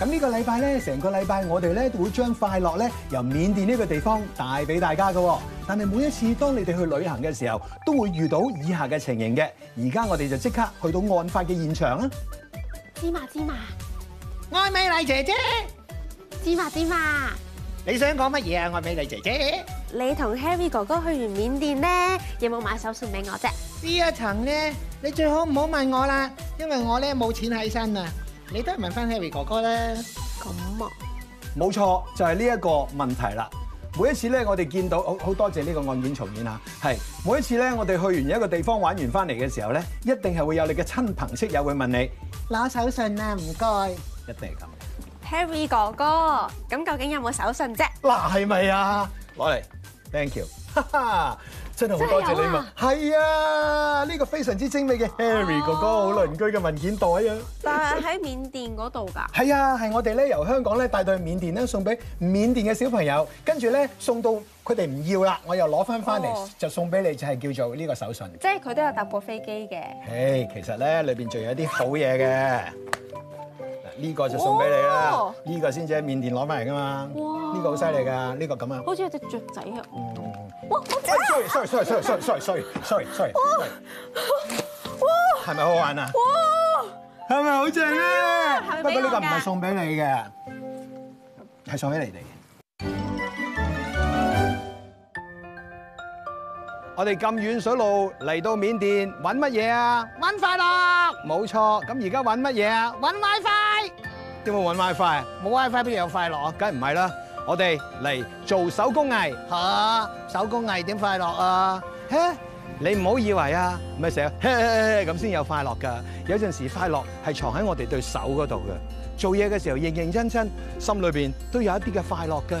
咁、這、呢個禮拜咧，成個禮拜我哋咧都會將快樂咧由緬甸呢個地方帶俾大家噶。但係每一次當你哋去旅行嘅時候，都會遇到以下嘅情形嘅。而家我哋就即刻去到案發嘅現場啦。芝麻芝麻，愛美麗姐姐，芝麻芝麻，你想講乜嘢啊？愛美麗姐姐，你同 Harry 哥哥去完緬甸咧，有冇買手信俾我啫？呢一層咧，你最好唔好問我啦，因為我咧冇錢喺身啊。你都係問翻 Harry 哥哥咧，咁啊，冇錯，就係呢一個問題啦。每一次咧，我哋見到好好多謝呢個案件重演啊。係每一次咧，我哋去完一個地方玩完翻嚟嘅時候咧，一定係會有你嘅親朋戚友會問你攞手信啊，唔該，一定係咁。Harry 哥哥，咁究竟有冇手信啫？嗱，係咪啊？攞嚟，啊，Thank you，哈哈。真係好多謝你啊！係啊，呢、這個非常之精美嘅 Harry 哥哥好鄰居嘅文件袋啊、哦！但係喺緬甸嗰度㗎。係啊，係我哋咧由香港咧帶到去緬甸咧送俾緬甸嘅小朋友，跟住咧送到佢哋唔要啦，我又攞翻翻嚟就送俾你，就係、是、叫做呢個手信。即係佢都有搭過飛機嘅。誒、hey，其實咧裏邊仲有一啲好嘢嘅。嗱，呢個就送俾你啦。呢、哦這個先至係緬甸攞埋嚟㗎嘛。哇！呢、這個好犀利㗎，呢、這個咁啊。好似有隻雀仔啊！嗯哎，sorry，sorry，sorry，sorry，sorry，sorry，sorry，sorry，係咪好玩啊？係咪好正啊？不過呢個唔係送俾你嘅，係送俾你哋嘅。我哋咁遠水路嚟到緬甸揾乜嘢啊？揾快樂。冇錯，咁而家揾乜嘢啊？揾 WiFi。點會揾 WiFi 啊？冇 WiFi 邊有快樂啊？梗係唔係啦。我哋嚟做手工藝嚇，手工藝點快樂啊？你唔好以為啊，咪成咁先有快樂㗎。有陣時快樂係藏喺我哋對手嗰度嘅。做嘢嘅時候認認真真，心裏面都有一啲嘅快樂㗎。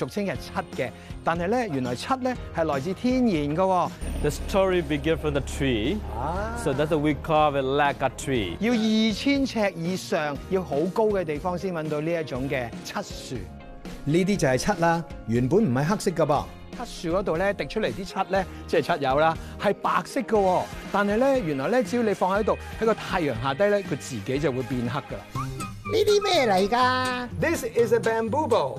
俗稱係七嘅，但係咧原來七咧係來自天然㗎喎。The story begin for the tree，so, ah, that's what we call the lac tree。要二千尺以上，要好高嘅地方先揾到呢一種嘅七樹。呢啲就係七啦，原本唔係黑色噶噃。七樹嗰度咧滴出嚟啲七咧，即、就、係、是、七友啦，係白色㗎喎。但係咧原來咧，只要你放喺度喺個太陽下低咧，佢自己就會變黑㗎喇。呢啲咩嚟㗎？This is a bamboo bow.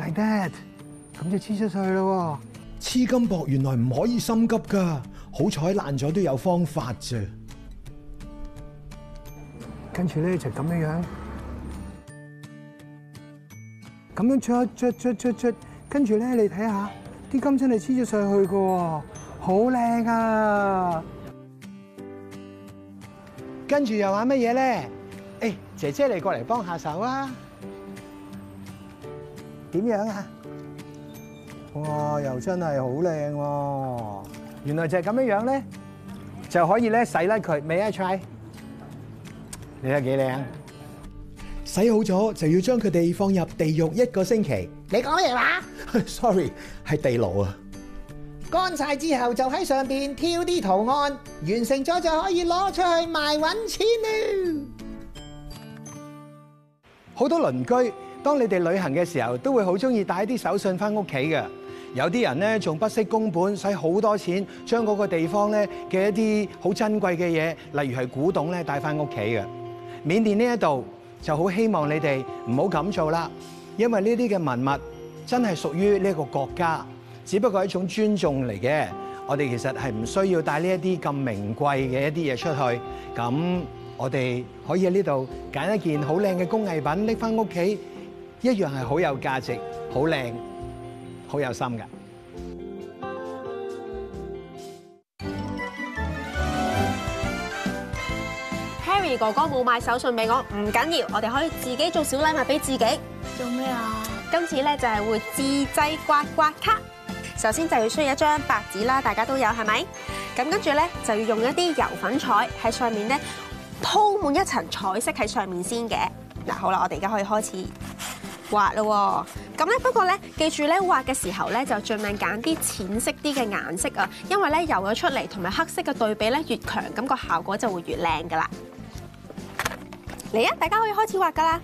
Like that, 咁就黐咗上去咯。黐金箔原來唔可以心急噶，好彩爛咗都有方法啫。跟住咧就咁樣樣，咁樣捽捽捽捽捽，跟住咧你睇下啲金真係黐咗上去噶，好靚啊！跟住又玩乜嘢咧？哎，姐姐你過嚟幫下手啊！.點樣啊？哇，又真係好靚喎！原來就係咁樣樣咧，就可以咧洗甩佢。May I try？你得幾靚？洗好咗就要將佢哋放入地獄一個星期。你講咩話？Sorry，係地牢啊！乾晒之後就喺上邊挑啲圖案，完成咗就可以攞出去賣搵錢啦！好多鄰居。當你哋旅行嘅時候，都會好中意帶一啲手信翻屋企嘅。有啲人咧仲不惜工本，使好多錢將嗰個地方咧嘅一啲好珍貴嘅嘢，例如係古董咧帶翻屋企嘅。緬甸呢一度就好希望你哋唔好咁做啦，因為呢啲嘅文物真係屬於呢個國家，只不過係一種尊重嚟嘅。我哋其實係唔需要帶呢一啲咁名貴嘅一啲嘢出去。咁我哋可以喺呢度揀一件好靚嘅工藝品拎翻屋企。一樣係好有價值、好靚、好有心嘅。Harry 哥哥冇買手信俾我，唔緊要，我哋可以自己做小禮物俾自己。做咩啊？今次咧就係會自製刮刮卡。首先就要需要一張白紙啦，大家都有係咪？咁跟住咧就要用一啲油粉彩喺上面咧鋪滿一層彩色喺上面先嘅。嗱，好啦，我哋而家可以開始。畫咯、啊，咁咧不過咧，記住咧畫嘅時候咧就盡量揀啲淺色啲嘅顏色啊，因為咧油咗出嚟同埋黑色嘅對比咧越強，咁個效果就會越靚噶啦。嚟啊，大家可以開始畫噶啦。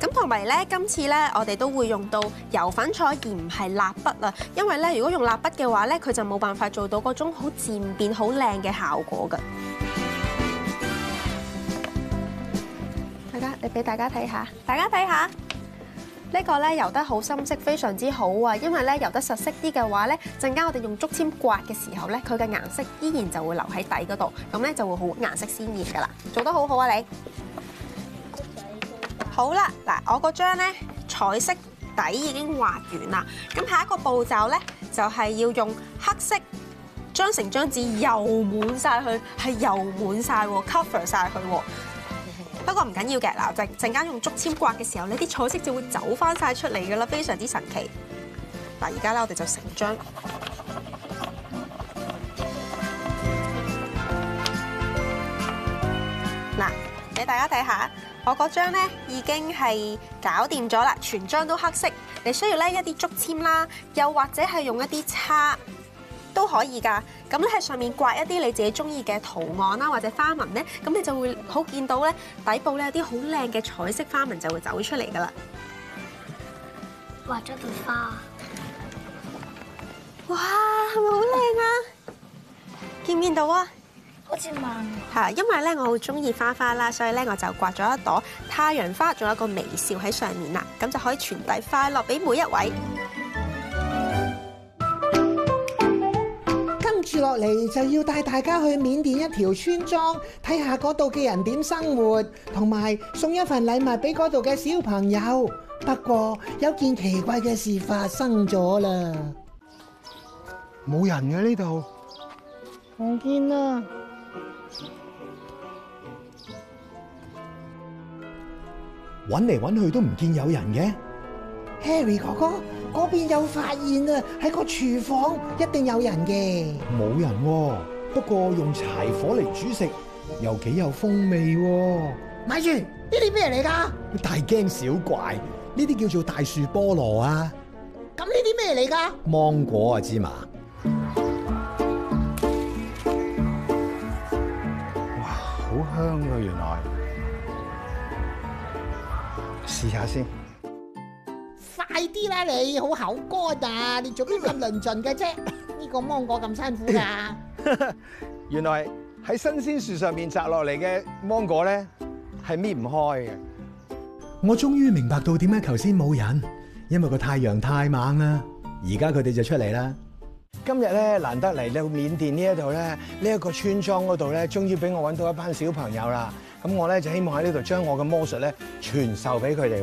咁同埋咧，今次咧我哋都會用到油粉彩而唔係蠟筆啊，因為咧如果用蠟筆嘅話咧，佢就冇辦法做到嗰種好漸變好靚嘅效果噶。俾大家睇下，大家睇下呢個咧油得好深色，非常之好啊！因為咧油得實色啲嘅話咧，陣間我哋用竹籤刮嘅時候咧，佢嘅顏色依然就會留喺底嗰度，咁咧就會好顏色鮮艷噶啦！做得好好啊你！好啦，嗱，我嗰張咧彩色底已經畫完啦，咁下一個步驟咧就係要用黑色將成張紙油滿晒佢，係油滿晒喎，cover 晒佢喎。不過唔緊要嘅嗱，陣陣間用竹籤刮嘅時候呢，啲彩色就會走翻晒出嚟噶啦，非常之神奇。嗱，而家咧我哋就成張嗱，俾大家睇下，我嗰張咧已經係搞掂咗啦，全張都黑色。你需要咧一啲竹籤啦，又或者係用一啲叉。都可以噶，咁咧喺上面刮一啲你自己中意嘅圖案啦，或者花紋呢，咁你就會好見到呢底部呢，有啲好靚嘅彩色花紋就會走出嚟噶啦。畫咗朵花，哇，係咪好靚啊？見唔見到啊？好似盲。係，因為呢我好中意花花啦，所以呢我就刮咗一朵太陽花，仲有一個微笑喺上面啦，咁就可以傳遞快樂俾每一位。嚟就要帶大家去緬甸一條村莊睇下嗰度嘅人點生活，同埋送一份禮物俾嗰度嘅小朋友。不過有件奇怪嘅事發生咗啦，冇人嘅呢度，唔見啦，搵嚟搵去都唔見有人嘅，Harry 哥哥。嗰邊有發現啊！喺個廚房一定有人嘅，冇人喎、啊。不過用柴火嚟煮食又幾有，有風味喎、啊。咪住，呢啲咩嚟㗎？大驚小怪，呢啲叫做大樹菠蘿啊。咁呢啲咩嚟㗎？芒果啊，芝麻。哇，好香啊！原來，試下先。快啲啦！你好口乾啊，你做乜咁論盡嘅啫？呢、呃這個芒果咁辛苦啊！ 原來喺新鮮樹上面摘落嚟嘅芒果咧，係搣唔開嘅。我終於明白到點解頭先冇人，因為個太陽太猛啦。而家佢哋就出嚟啦。今日咧難得嚟到緬甸呢一度咧，呢、這、一個村莊嗰度咧，終於俾我揾到一班小朋友啦。咁我咧就希望喺呢度將我嘅魔術咧傳授俾佢哋。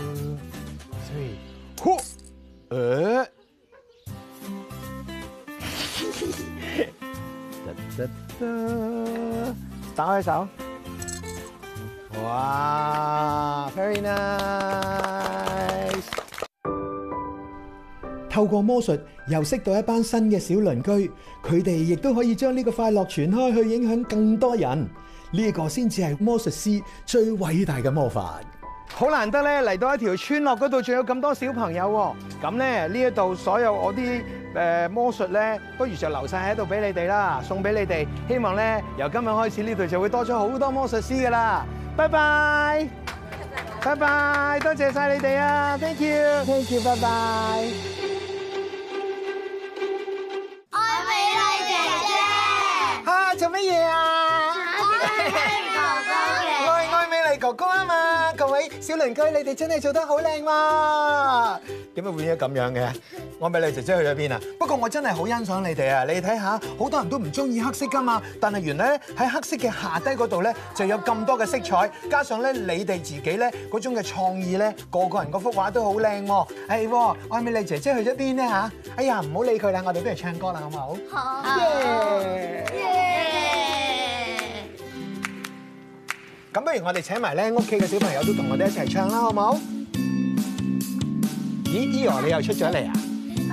打開手哇。哇，very nice！透過魔術又識到一班新嘅小鄰居，佢哋亦都可以將呢個快樂傳開去，影響更多人。呢個先至係魔術師最偉大嘅魔法。好難得咧，嚟到一條村落嗰度，仲有咁多小朋友。咁咧，呢一度所有我啲。呃，魔術，不如就留晒喺度畀你哋啦，送畀你哋，希望呢，由今日開始呢度就會多咗好多魔術師㗎喇。拜拜，拜拜，多謝晒你哋啊。Thank you，Thank you，拜拜。小鄰居，你哋真係做得好靚喎！點解會變咗咁樣嘅？愛美麗姐姐去咗邊啊？不過我真係好欣賞你哋啊！你睇下，好多人都唔中意黑色噶嘛，但係原來喺黑色嘅下低嗰度咧就有咁多嘅色彩，加上咧你哋自己咧嗰種嘅創意咧，個個人嗰幅畫都好靚喎！係喎，愛美麗姐姐去咗邊咧吓？哎呀，唔好理佢啦，我哋都嚟唱歌啦，好唔好？好耶！Yeah. Yeah. 咁不如我哋請埋咧屋企嘅小朋友都同我哋一齊唱啦，好冇？咦，Eo 你又出咗嚟啊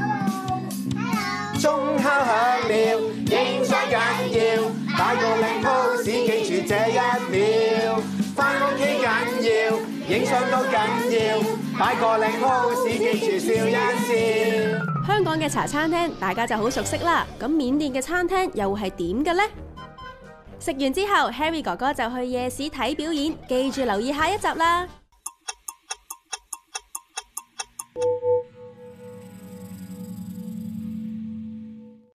！Hello，Hello。鐘敲響了，影相緊要，擺個靚 pose 記住這一秒，返屋企緊要，影相都緊要，擺個靚 pose 記住笑一笑。香港嘅茶餐廳大家就好熟悉啦，咁緬甸嘅餐廳又係點嘅咧？食完之後，Harry 哥哥就去夜市睇表演，記住留意下一集啦！